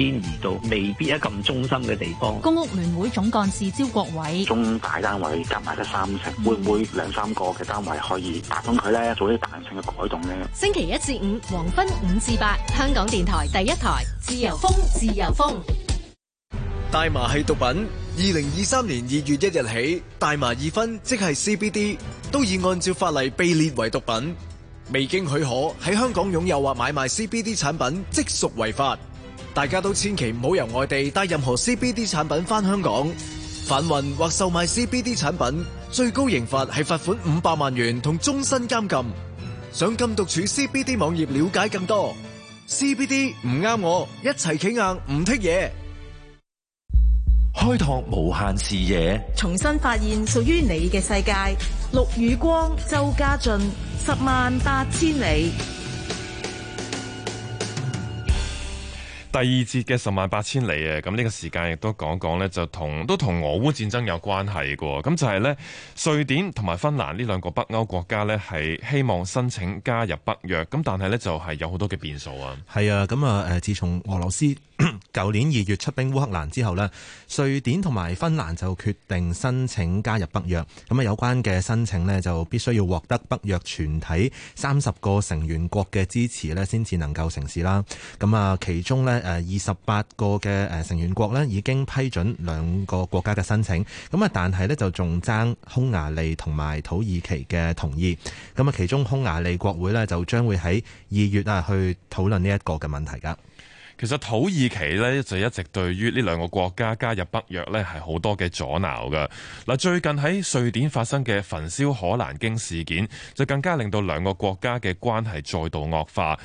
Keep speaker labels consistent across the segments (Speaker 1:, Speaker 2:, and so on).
Speaker 1: 遷移到未必一咁中心嘅地方。公
Speaker 2: 屋聯會總幹事招國偉，
Speaker 1: 中大單位加埋得三成，會唔會兩三個嘅單位可以打通佢咧？做啲彈性嘅改動咧？
Speaker 2: 星期一至五黃昏五至八，香港電台第一台自由風，自由風。
Speaker 1: 大麻係毒品。二零二三年二月一日起，大麻二酚即係 CBD 都已按照法例被列為毒品，未經許可喺香港擁有或買賣 CBD 產品，即屬違法。大家都千祈唔好由外地帶任何 CBD 產品返香港，販運或售賣 CBD 產品最高刑罰係罰款五百萬元同終身監禁。上禁毒處 CBD 網頁了解更多。CBD 唔啱我，一齊企硬唔剔嘢，開拓無限視野，重新
Speaker 2: 發現屬於你嘅世界。陸雨光、周家俊，十萬八千里。
Speaker 3: 第二節嘅十萬八千里啊，咁呢個時間亦都講講呢就同都同俄烏戰爭有關係喎。咁就係呢瑞典同埋芬蘭呢兩個北歐國家呢係希望申請加入北約，咁但係呢就係有好多嘅變數啊，
Speaker 1: 係啊，咁啊、呃，自從俄羅斯。舊 年二月出兵烏克蘭之後呢，瑞典同埋芬蘭就決定申請加入北約。咁啊，有關嘅申請呢就必須要獲得北約全體三十個成員國嘅支持呢，先至能夠成事啦。咁啊，其中呢誒，二十八個嘅誒成員國呢已經批准兩個國家嘅申請。咁啊，但係呢就仲爭匈牙利同埋土耳其嘅同意。咁啊，其中匈牙利國會呢就將會喺二月啊去討論呢一個嘅問題噶。
Speaker 3: 其實土耳其咧就一直對於呢兩個國家加入北約呢係好多嘅阻撓嘅。嗱，最近喺瑞典發生嘅焚燒可蘭經事件，就更加令到兩個國家嘅關係再度惡化。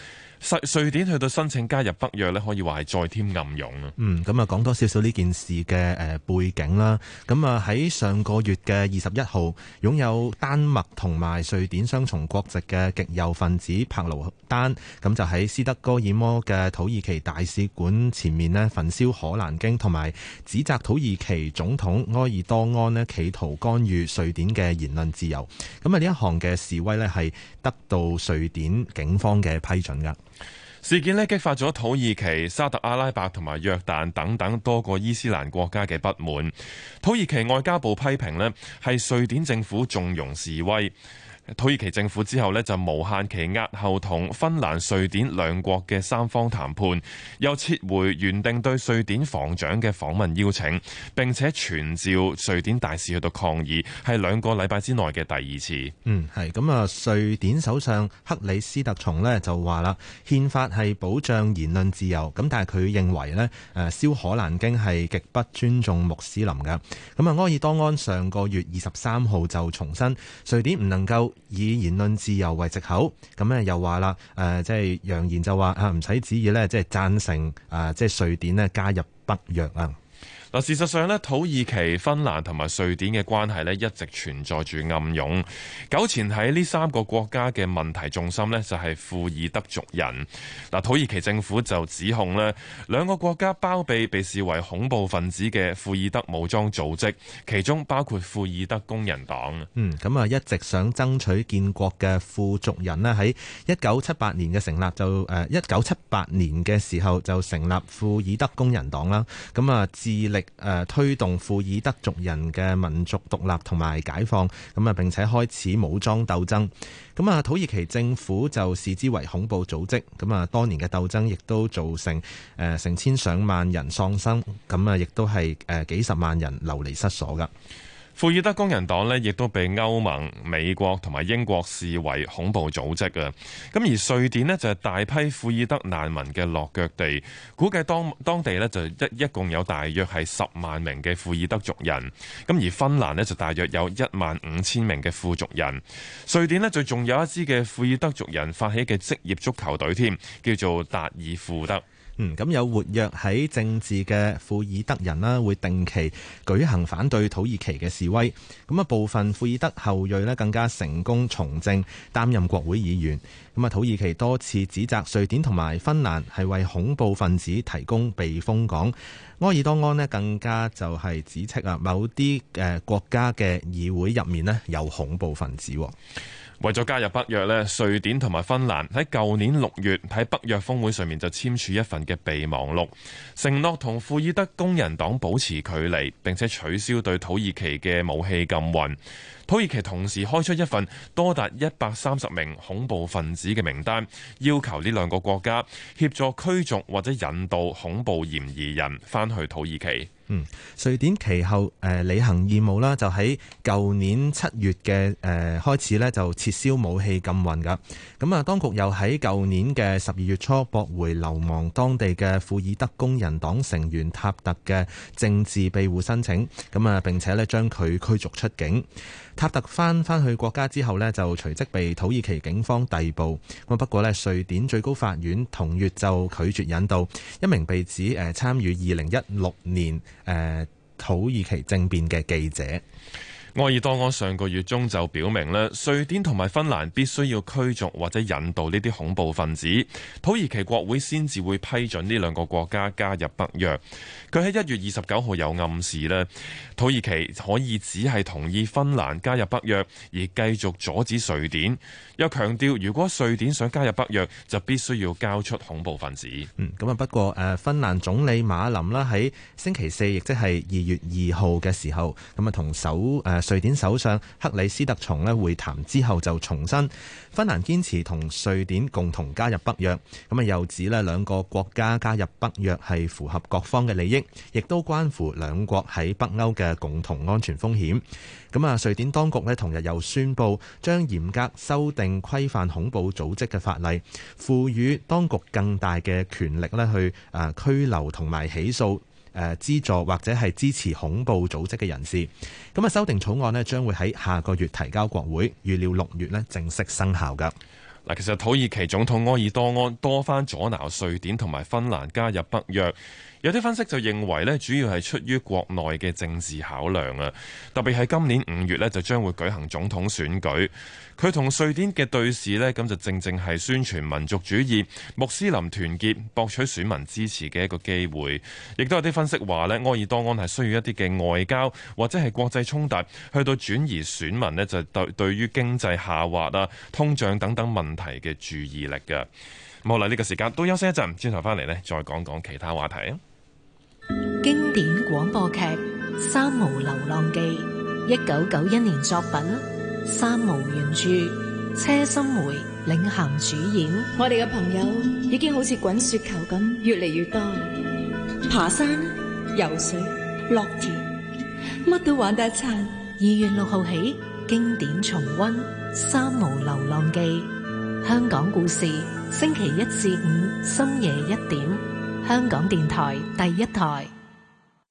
Speaker 3: 瑞典去到申請加入北約呢，可以話係再添暗湧
Speaker 1: 啦。嗯，咁啊，講多少少呢件事嘅誒背景啦。咁啊，喺上個月嘅二十一號，擁有丹麥同埋瑞典雙重國籍嘅極右分子帕盧丹，咁就喺斯德哥爾摩嘅土耳其大使館前面呢，焚燒可蘭經，同埋指責土耳其總統埃爾多安呢，企圖干預瑞典嘅言論自由。咁啊，呢一行嘅示威呢係得到瑞典警方嘅批准噶。
Speaker 3: 事件呢，激發咗土耳其、沙特阿拉伯同埋約旦等等多個伊斯蘭國家嘅不滿。土耳其外交部批評呢，係瑞典政府縱容示威。土耳其政府之後就無限期押後同芬蘭、瑞典兩國嘅三方談判，又撤回原定對瑞典防長嘅訪問邀請，並且傳召瑞典大使去到抗議，係兩個禮拜之內嘅第二次。
Speaker 1: 嗯，係咁啊，瑞典首相克里斯特松呢就話啦，憲法係保障言論自由，咁但係佢認為呢，誒燒可蘭經係極不尊重穆斯林嘅。咁啊，埃爾多安上個月二十三號就重申，瑞典唔能夠以言論自由為藉口，咁咧又話啦，誒即係揚言就話唔使旨意咧，即、啊、係、就是、贊成誒即係瑞典咧加入北約啊。
Speaker 3: 嗱，事實上咧，土耳其、芬蘭同埋瑞典嘅關係咧，一直存在住暗湧。久前喺呢三個國家嘅問題重心咧，就係庫爾德族人。嗱，土耳其政府就指控咧，兩個國家包庇被視為恐怖分子嘅庫爾德武裝組織，其中包括庫爾德工人黨。嗯，
Speaker 1: 咁、嗯、啊、嗯，一直想爭取建國嘅富族人咧，喺一九七八年嘅成立就誒，一九七八年嘅時候就成立庫爾德工人黨啦。咁、嗯、啊，致力誒推動庫爾德族人嘅民族獨立同埋解放，咁啊並且開始武裝鬥爭，咁啊土耳其政府就視之為恐怖組織，咁啊當年嘅鬥爭亦都造成誒成千上萬人喪生，咁啊亦都係誒幾十萬人流離失所噶。
Speaker 3: 庫爾德工人黨呢，亦都被歐盟、美國同埋英國視為恐怖組織啊。咁而瑞典呢，就係大批庫爾德難民嘅落腳地，估計當當地呢，就一一共有大約係十萬名嘅庫爾德族人。咁而芬蘭呢，就大約有一萬五千名嘅富族人。瑞典呢，最仲有一支嘅庫爾德族人發起嘅職業足球隊添，叫做達爾富德。嗯，咁有活躍喺
Speaker 1: 政治嘅庫爾德人啦，會定期舉行反對土耳其嘅示威。咁啊，部分庫爾德後裔呢，更加成功從政，擔任國會議員。咁啊，土耳其多次指責瑞典同埋芬蘭係為恐怖分子提供避風港。埃爾多安呢，更加就係指斥啊，某啲誒國家嘅議會入面呢，有恐怖分子。
Speaker 3: 為咗加入北約呢，瑞典同埋芬蘭喺舊年六月喺北約峰會上面就簽署一份嘅備忘錄，承諾同庫爾德工人黨保持距離，並且取消對土耳其嘅武器禁運。土耳其同時開出一份多達一百三十名恐怖分子嘅名單，要求呢兩個國家協助驅逐或者引渡恐怖嫌疑人返去土耳其。
Speaker 1: 嗯，瑞典其後誒履、呃、行義務啦，就喺舊年七月嘅誒、呃、開始呢，就撤銷武器禁運噶。咁啊，當局又喺舊年嘅十二月初，駁回流亡當地嘅庫爾德工人黨成員塔特嘅政治庇護申請。咁啊，並且呢，將佢驅逐出境。塔特翻翻去國家之後呢，就隨即被土耳其警方逮捕。咁不過呢，瑞典最高法院同月就拒絕引渡一名被指誒參與二零一六年誒土耳其政變嘅記者。
Speaker 3: 愛爾多安上個月中就表明咧，瑞典同埋芬蘭必須要驅逐或者引渡呢啲恐怖分子，土耳其國會先至會批准呢兩個國家加入北約。佢喺一月二十九號有暗示咧，土耳其可以只係同意芬蘭加入北約，而繼續阻止瑞典。又強調，如果瑞典想加入北約，就必須要交出恐怖分子。
Speaker 1: 嗯，咁啊不過誒，芬蘭總理馬林啦喺星期四，亦即係二月二號嘅時候，咁啊同首、呃瑞典首相克里斯特松咧會談之後就重申，芬蘭堅持同瑞典共同加入北約。咁啊又指咧兩個國家加入北約係符合各方嘅利益，亦都關乎兩國喺北歐嘅共同安全風險。咁啊瑞典當局咧同日又宣布，將嚴格修訂規範恐怖組織嘅法例，賦予當局更大嘅權力咧去啊拘留同埋起訴。誒資助或者係支持恐怖組織嘅人士，咁啊修訂草
Speaker 3: 案呢將會喺下個月提交國會，預料六月呢正式生效㗎。嗱，其實土耳其總統埃爾多安多番阻撓瑞典同埋芬蘭加入北約。有啲分析就認為呢主要係出於國內嘅政治考量啊，特別係今年五月呢就將會舉行總統選舉。佢同瑞典嘅對峙呢，咁就正正係宣傳民族主義、穆斯林團結，博取選民支持嘅一個機會。亦都有啲分析話呢埃爾多安係需要一啲嘅外交或者係國際衝突，去到轉移選民呢，就對對於經濟下滑啊、通脹等等問題嘅注意力嘅。咁好啦，呢個時間都休息一陣，轉頭翻嚟呢，再講講其他話題啊。
Speaker 2: 經典廣播劇《三毛流浪記》，一九九一年作品。三毛原著，車心梅領銜主演。我哋嘅朋友已經好似滾雪球咁，越嚟越多。爬山、游水、落田，乜都玩得一餐。二月六號起，經典重温《三毛流浪記》，香港故事，星期一至五深夜一點，香港電台
Speaker 1: 第一台。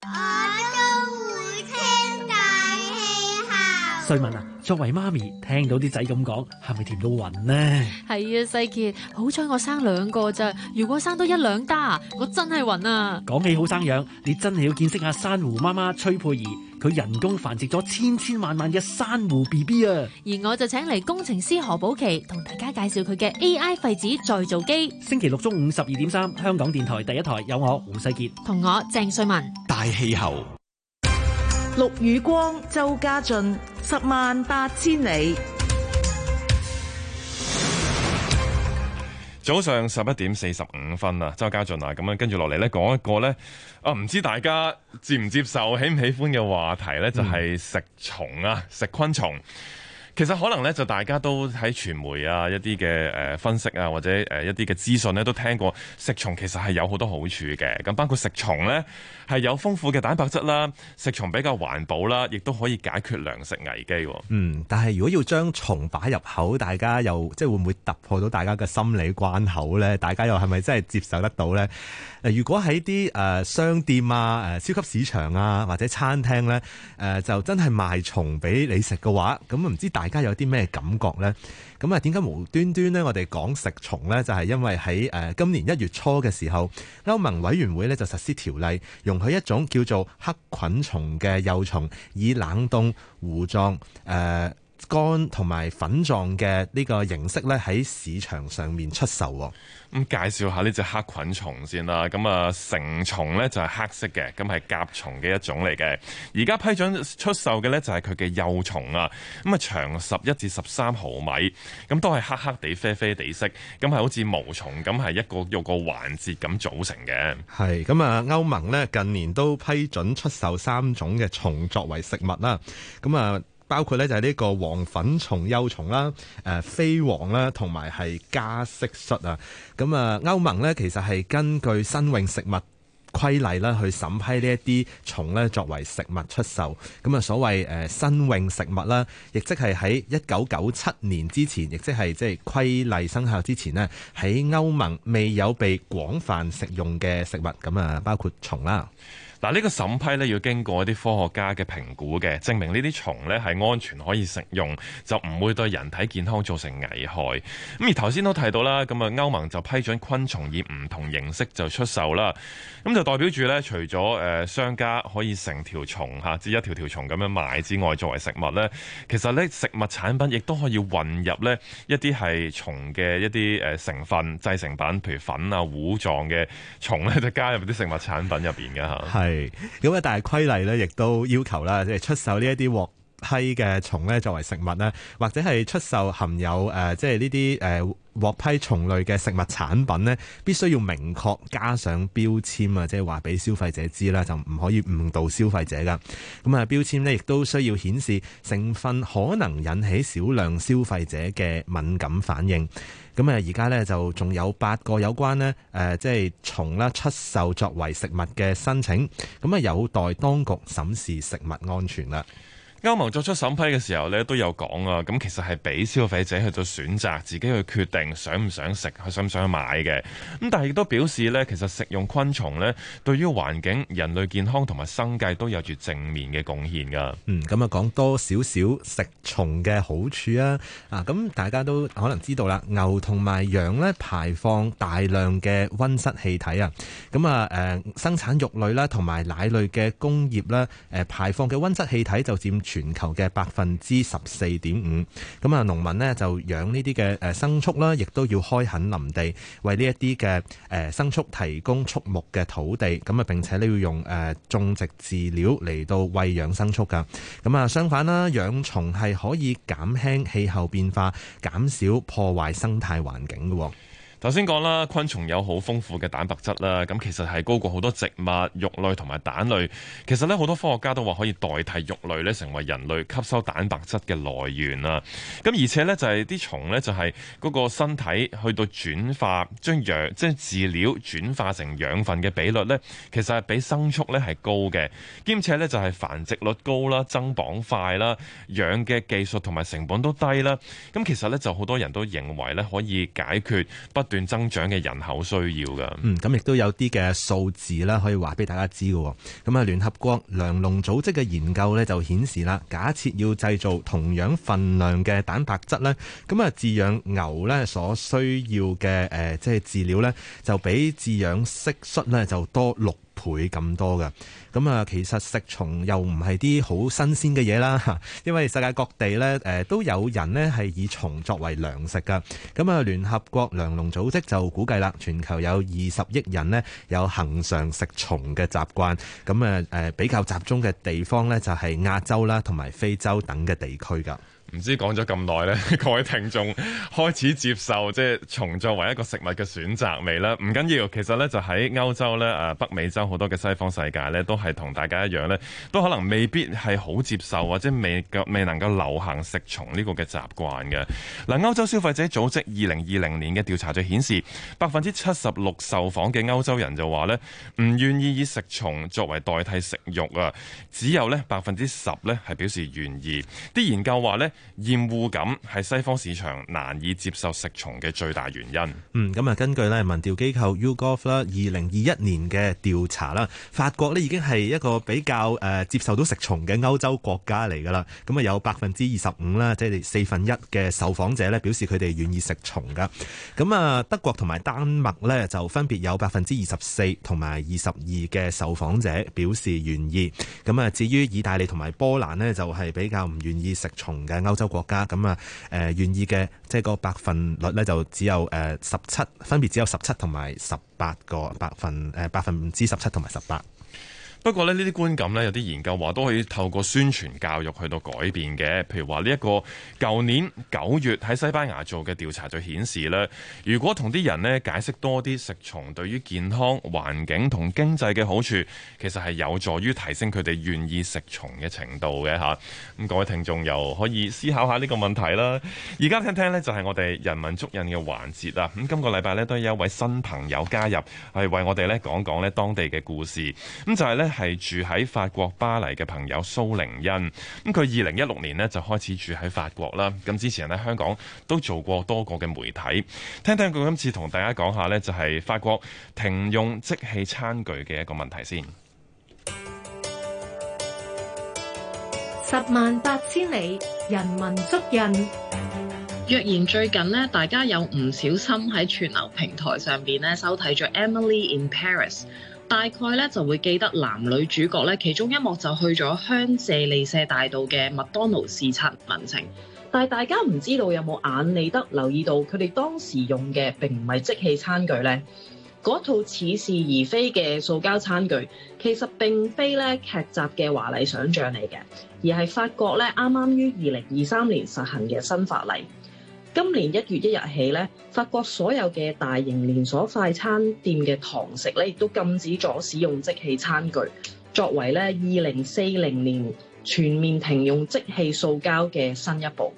Speaker 2: 我都會傾大
Speaker 1: 氣候。瑞文啊，作為媽咪，聽到啲仔咁講，係咪甜到暈呢？
Speaker 2: 係啊，世傑，好彩我生兩個咋，如果生多一兩打，我真係暈啊！
Speaker 1: 講起好生養，你真係要見識下珊瑚媽媽崔佩儀。佢人工繁殖咗千千萬萬嘅珊瑚 BB 啊！而
Speaker 2: 我就請嚟工程師何寶琪同大家介紹佢嘅 AI 廢紙再造機。
Speaker 1: 星期六中午十二點三，香港電台第一台有我胡世傑
Speaker 2: 同我鄭瑞文。
Speaker 1: 大氣候，
Speaker 2: 陸雨光，周家俊，十萬八千里。
Speaker 3: 早上十一點四十五分啊，周家俊啊，咁樣跟住落嚟咧，講一個咧，啊唔知大家接唔接受，喜唔喜歡嘅話題咧，就係、是、食蟲啊、嗯，食昆蟲。其實可能咧，就大家都喺傳媒啊、一啲嘅誒分析啊，或者誒一啲嘅資訊咧，都聽過食蟲其實係有好多好處嘅。咁包括食蟲咧，係有豐富嘅蛋白質啦，食蟲比較環保啦，亦都可以解決糧食危機。嗯，
Speaker 1: 但係如果要將蟲擺入口，大家又即係會唔會突破到大家嘅心理關口咧？大家又係咪真係接受得到咧？如果喺啲誒商店啊、誒超級市場啊或者餐廳咧，誒就真係賣蟲俾你食嘅話，咁唔知大家大家有啲咩感覺呢？咁啊，點解無端端呢？我哋講食蟲呢，就係、是、因為喺今年一月初嘅時候，歐盟委員會呢就實施條例，容許一種叫做黑菌蟲嘅幼蟲以冷凍糊狀、呃乾同埋粉狀嘅呢個形式呢，喺市場
Speaker 3: 上面出售。咁介紹下呢隻黑菌蟲先啦。咁啊，成蟲呢就係黑色嘅，咁係甲蟲嘅一種嚟嘅。而家批准出售嘅呢，就係佢嘅幼蟲啊。咁啊，長十一至十三毫米，咁都係黑黑地啡啡地色，咁係好似毛蟲咁，係一個肉個環節咁組成嘅。
Speaker 1: 係咁啊，歐盟呢近年都批准出售三種嘅蟲作為食物啦。咁啊。包括咧就係呢個黃粉蟲、幼蟲啦、誒飛蝗啦，同埋係家蟋蟀啊。咁啊，歐盟咧其實係根據新穎食物規例咧去審批呢一啲蟲咧作為食物出售。咁啊，所謂誒新穎食物啦，亦即係喺一九九七年之前，亦即係即係規例生效之前呢，喺歐盟未有被廣泛食用嘅食物。咁啊，包括
Speaker 3: 蟲啦。嗱，呢個審批咧要經過一啲科學家嘅評估嘅，證明呢啲蟲咧係安全可以食用，就唔會對人體健康造成危害。咁而頭先都提到啦，咁啊歐盟就批准昆蟲以唔同形式就出售啦。咁就代表住咧，除咗誒商家可以成條蟲吓即一條條蟲咁樣賣之外，作為食物咧，其實咧食物產品亦都可以混入咧一啲係蟲嘅一啲誒成分製成品，譬如粉啊、糊狀嘅蟲咧，就加入啲食物產品入邊嘅吓。係。
Speaker 1: 咁啊，但係規例咧，亦都要求啦，即係出售呢一啲鑊。批嘅蟲咧，蟲作為食物咧，或者係出售含有誒、呃，即係呢啲誒獲批蟲類嘅食物產品咧，必須要明確加上標籤啊，即係話俾消費者知啦，就唔可以誤導消費者㗎。咁啊，標籤咧亦都需要顯示成分，可能引起少量消費者嘅敏感反應。咁啊，而家咧就仲有八個有關呢，誒、呃，即係蟲啦，出售作為食物嘅申請，咁啊，有待當局審視食物安全啦。
Speaker 3: 歐盟作出審批嘅時候呢，都有講啊，咁其實係俾消費者去做選擇，自己去決定想唔想食，想唔想買嘅。咁但係亦都表示呢，其實食用昆蟲呢，對於環境、人類健康同埋生計都有住正面嘅貢獻㗎。嗯，
Speaker 1: 咁啊，講多少少食蟲嘅好處啊！啊，咁大家都可能知道啦，牛同埋羊呢排放大量嘅温室氣體啊，咁啊，誒生產肉類啦同埋奶類嘅工業啦，誒、啊、排放嘅温室氣體就佔全球嘅百分之十四點五，咁啊農民呢就養呢啲嘅誒牲畜啦，亦都要開墾林地，為呢一啲嘅誒牲畜提供畜牧嘅土地，咁啊並且呢要用誒種植飼料嚟到喂養牲畜噶，咁啊相反啦，養蟲係可以減輕氣候變化，減少破壞生態環境
Speaker 3: 嘅。首先講啦，昆蟲有好豐富嘅蛋白質啦，咁其實係高過好多植物、肉類同埋蛋類。其實咧，好多科學家都話可以代替肉類咧，成為人類吸收蛋白質嘅來源啦。咁而且呢，就係啲蟲呢，就係嗰個身體去到轉化將養即係飼料轉化成養分嘅比率呢，其實係比牲畜呢係高嘅。兼且呢，就係繁殖率高啦、增磅快啦、養嘅技術同埋成本都低啦。咁其實呢，就好多人都認為呢，可以解決不不斷增長嘅人口需要噶，
Speaker 1: 嗯，咁亦都有啲嘅數字啦，可以話俾大家知嘅。咁啊，聯合國糧農組織嘅研究呢就顯示啦，假設要製造同樣份量嘅蛋白質呢，咁啊，飼養牛呢所需要嘅誒，即係飼料呢就比飼養蟋蟀呢就多六。倍咁多噶，咁啊，其實食蟲又唔係啲好新鮮嘅嘢啦，因為世界各地咧，誒都有人呢係以蟲作為糧食噶。咁啊，聯合國糧農組織就估計啦，全球有二十億人呢有恆常食蟲嘅習慣。咁啊，誒比較集中嘅地方咧就係亞洲啦，同埋非洲等
Speaker 3: 嘅地區噶。唔知講咗咁耐呢，各位聽眾開始接受即係蟲作為一個食物嘅選擇未啦？唔緊要，其實呢就喺歐洲呢，北美洲好多嘅西方世界呢，都係同大家一樣呢，都可能未必係好接受或者未夠未能夠流行食蟲呢個嘅習慣嘅。嗱，歐洲消費者組織二零二零年嘅調查就顯示，百分之七十六受訪嘅歐洲人就話呢，唔願意以食蟲作為代替食肉啊，只有呢百分之十呢係表示願意。啲研究話呢。厭惡感係西方市場難以接受食蟲嘅最大原因。
Speaker 1: 嗯，咁啊，根據呢民調機構 YouGov 啦，二零二一年嘅調查啦，法國呢已經係一個比較誒接受到食蟲嘅歐洲國家嚟噶啦。咁啊，有百分之二十五啦，即係四分一嘅受訪者呢表示佢哋願意食蟲噶。咁啊，德國同埋丹麥呢，就分別有百分之二十四同埋二十二嘅受訪者表示願意。咁啊，至於意大利同埋波蘭呢，就係比較唔願意食蟲嘅歐歐洲國家。咁啊，誒願意嘅即係個百分率咧就只有誒十七，分別只有十七同埋十八個百分誒百分之十七同埋十八。
Speaker 3: 不過呢呢啲觀感呢，有啲研究話都可以透過宣傳教育去到改變嘅。譬如話呢一個舊年九月喺西班牙做嘅調查就顯示啦，如果同啲人呢解釋多啲食蟲對於健康、環境同經濟嘅好處，其實係有助於提升佢哋願意食蟲嘅程度嘅嚇。咁各位聽眾又可以思考下呢個問題啦。而家聽聽呢，就係我哋人文足印嘅環節啦。咁今個禮拜呢，都有一位新朋友加入，係為我哋呢講講呢當地嘅故事。咁就係呢。係住喺法國巴黎嘅朋友蘇靈茵，咁佢二零一六年呢就開始住喺法國啦。咁之前喺香港都做過多個嘅媒體，聽聽佢今次同大家講下呢就係法國停用即棄餐具嘅一個問題先。
Speaker 2: 十萬八千里，人文足印。若然最近呢，大家有唔小心喺串流平台上邊呢收睇咗《Emily in Paris》。大概咧就會記得男女主角咧，其中一幕就去咗香榭麗舍大道嘅麥當勞視察民情。但係大家唔知道有冇眼利得留意到佢哋當時用嘅並唔係即棄餐具呢？嗰套似是而非嘅塑膠餐具其實並非咧劇集嘅華麗想像嚟嘅，而係法國咧啱啱於二零二三年實行嘅新法例。今年一月一日起咧，法國所有嘅大型連鎖快餐店嘅堂食咧，亦都禁止咗使用即棄餐具，作為咧二零四零年全面停用即棄塑膠嘅新一步。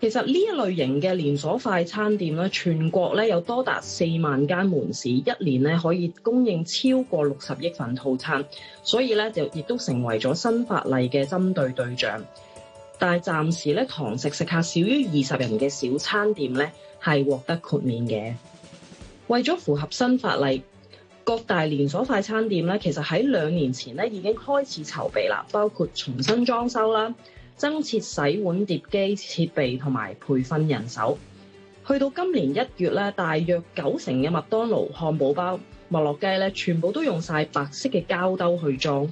Speaker 2: 其實呢一類型嘅連鎖快餐店咧，全國咧有多達四萬間門市，一年咧可以供應超過六十億份套餐，所以咧就亦都成為咗新法例嘅針對對象。但係暫時咧，堂食食客少於二十人嘅小餐店咧，係獲得豁免嘅。為咗符合新法例，各大連鎖快餐店咧，其實喺兩年前咧已經開始籌備啦，包括重新裝修啦、增設洗碗碟機設備同埋培訓人手。去到今年一月咧，大約九成嘅麥當勞、漢堡包、麥樂雞咧，全部都用晒白色嘅膠兜去裝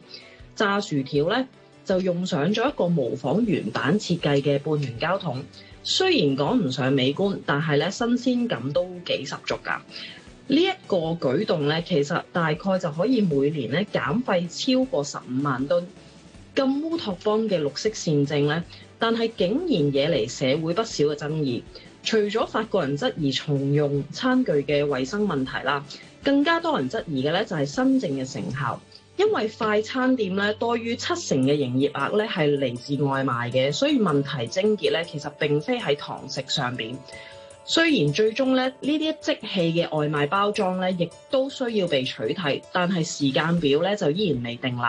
Speaker 2: 炸薯條咧。就用上咗一個模仿原版設計嘅半圓膠桶，雖然講唔上美觀，但係咧新鮮感都幾十足㗎。呢、這、一個舉動咧，其實大概就可以每年咧減廢超過十五萬噸。咁烏托邦嘅綠色善政咧，但係竟然惹嚟社會不少嘅爭議。除咗法國人質疑重用餐具嘅衞生問題啦，更加多人質疑嘅咧就係新政嘅成效。因為快餐店咧多於七成嘅營業額咧係嚟自外賣嘅，所以問題症結咧其實並非喺堂食上邊。雖然最終咧呢啲即棄嘅外賣包裝咧亦都需要被取締，但係時間表咧就依然未定立，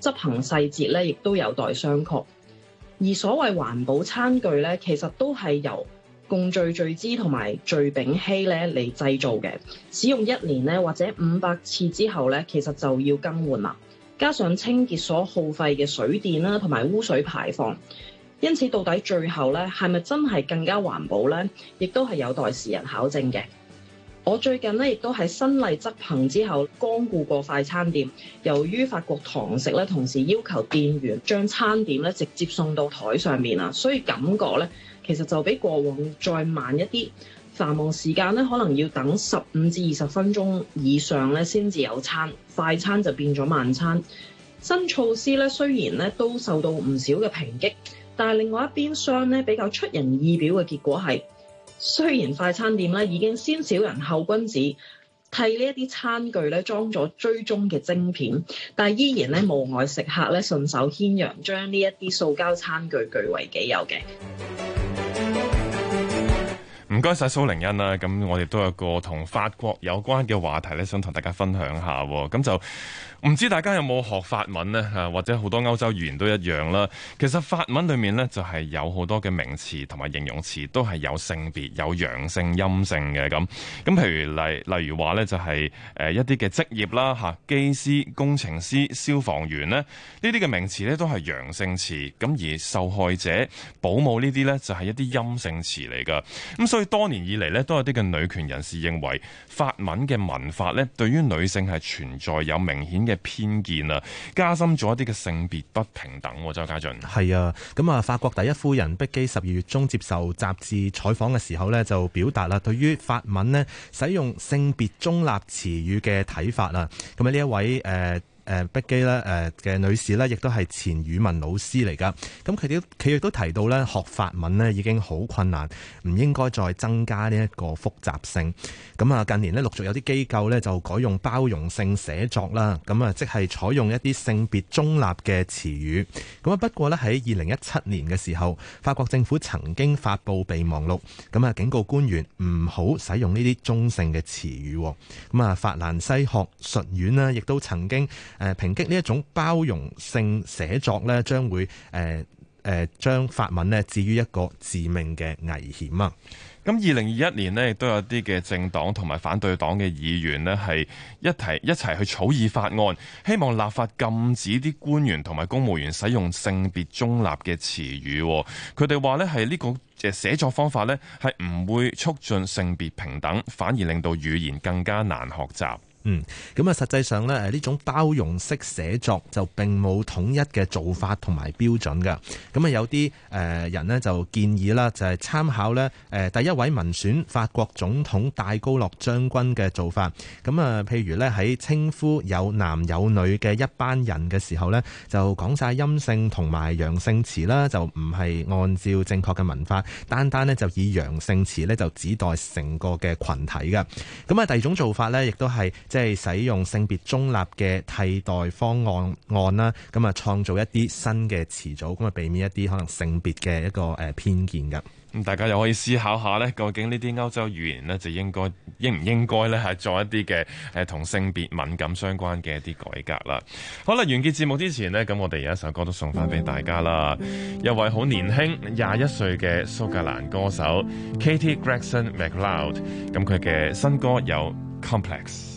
Speaker 2: 執行細節咧亦都有待商榷。而所謂環保餐具咧，其實都係由共聚聚脂同埋聚丙烯咧嚟製造嘅，使用一年咧或者五百次之後咧，其實就要更換啦。加上清潔所耗費嘅水電啦，同埋污水排放，因此到底最後咧係咪真係更加環保咧，亦都係有待時人考證嘅。我最近咧，亦都喺新例執行之後，光顧過快餐店。由於法國堂食咧，同時要求店員將餐點咧直接送到枱上面啊，所以感覺咧，其實就比過往再慢一啲。繁忙時間咧，可能要等十五至二十分鐘以上咧，先至有餐。快餐就變咗慢餐。新措施咧，雖然咧都受到唔少嘅抨擊，但係另外一邊廂咧，比較出人意表嘅結果係，雖然快餐店咧已經先小人後君子替呢一啲餐具咧裝咗追蹤嘅晶片，但依然咧無礙食客咧順手牽羊將呢一啲塑膠餐具據為己有嘅。
Speaker 3: 唔該晒蘇靈茵啦，咁我哋都有個同法國有關嘅話題咧，想同大家分享下。咁就唔知大家有冇學法文呢？嚇，或者好多歐洲語言都一樣啦。其實法文裏面呢，就係有好多嘅名詞同埋形容詞都係有性別、有陽性、陰性嘅。咁咁，譬如例例如話呢，就係誒一啲嘅職業啦，嚇，機師、工程師、消防員呢，呢啲嘅名詞呢，都係陽性詞。咁而受害者、保姆呢啲呢，就係一啲陰性詞嚟㗎。咁所以。多年以嚟咧，都有啲嘅女權人士認為法文嘅文法咧，對於女性係存在有明顯嘅偏見啊，加深咗一啲嘅性別不平等。周家俊，係啊，咁啊，法國第一夫人
Speaker 1: 碧姬十二月中接受雜誌採訪嘅時候呢，就表達啦對於法文咧使用性別中立詞語嘅睇法啦。咁喺呢一位誒。呃誒碧姬咧，誒嘅女士咧，亦都係前語文老師嚟㗎。咁佢哋，佢亦都提到咧，學法文咧已經好困難，唔應該再增加呢一個複雜性。咁啊，近年咧陸續有啲機構咧就改用包容性寫作啦。咁啊，即係採用一啲性別中立嘅詞語。咁啊，不過咧喺二零一七年嘅時候，法國政府曾經發布備忘錄，咁啊，警告官員唔好使用呢啲中性嘅詞語。咁啊，法蘭西學術院咧亦都曾經。誒，抨擊呢一種包容性寫作呢，將會誒誒將法文咧
Speaker 3: 置於一個致命嘅危險啊！咁二零二一年呢，亦都有啲嘅政黨同埋反對黨嘅議員呢，係一提一齊去草擬法案，希望立法禁止啲官員同埋公務員使用性別中立嘅詞語。佢哋話呢，係呢個誒寫作方法呢，係唔會促進性別平等，反而令到語言更加難學習。
Speaker 1: 嗯，咁啊，實際上咧，呢種包容式寫作就並冇統一嘅做法同埋標準嘅。咁啊，有啲誒人呢，就建議啦，就係參考呢第一位民選法國總統戴高樂將軍嘅做法。咁啊，譬如呢，喺稱呼有男有女嘅一班人嘅時候呢，就講晒陰性同埋陽性詞啦，就唔係按照正確嘅文化，單單呢就以陽性詞呢就指代成個嘅群體嘅。咁啊，第二種做法呢，亦都係。即係使用性別中立嘅替代方案案啦，咁啊創造一啲新嘅詞組，咁啊避免一啲可能性別嘅一個誒偏見㗎。
Speaker 3: 咁大家又可以思考一下呢，究竟呢啲歐洲語言呢，就應該應唔應該咧係做一啲嘅誒同性別敏感相關嘅一啲改革啦。好啦，完結節目之前呢，咁我哋有一首歌都送翻俾大家啦。一位好年輕廿一歲嘅蘇格蘭歌手 Katie Gregson-MacLeod，咁佢嘅新歌有 Complex。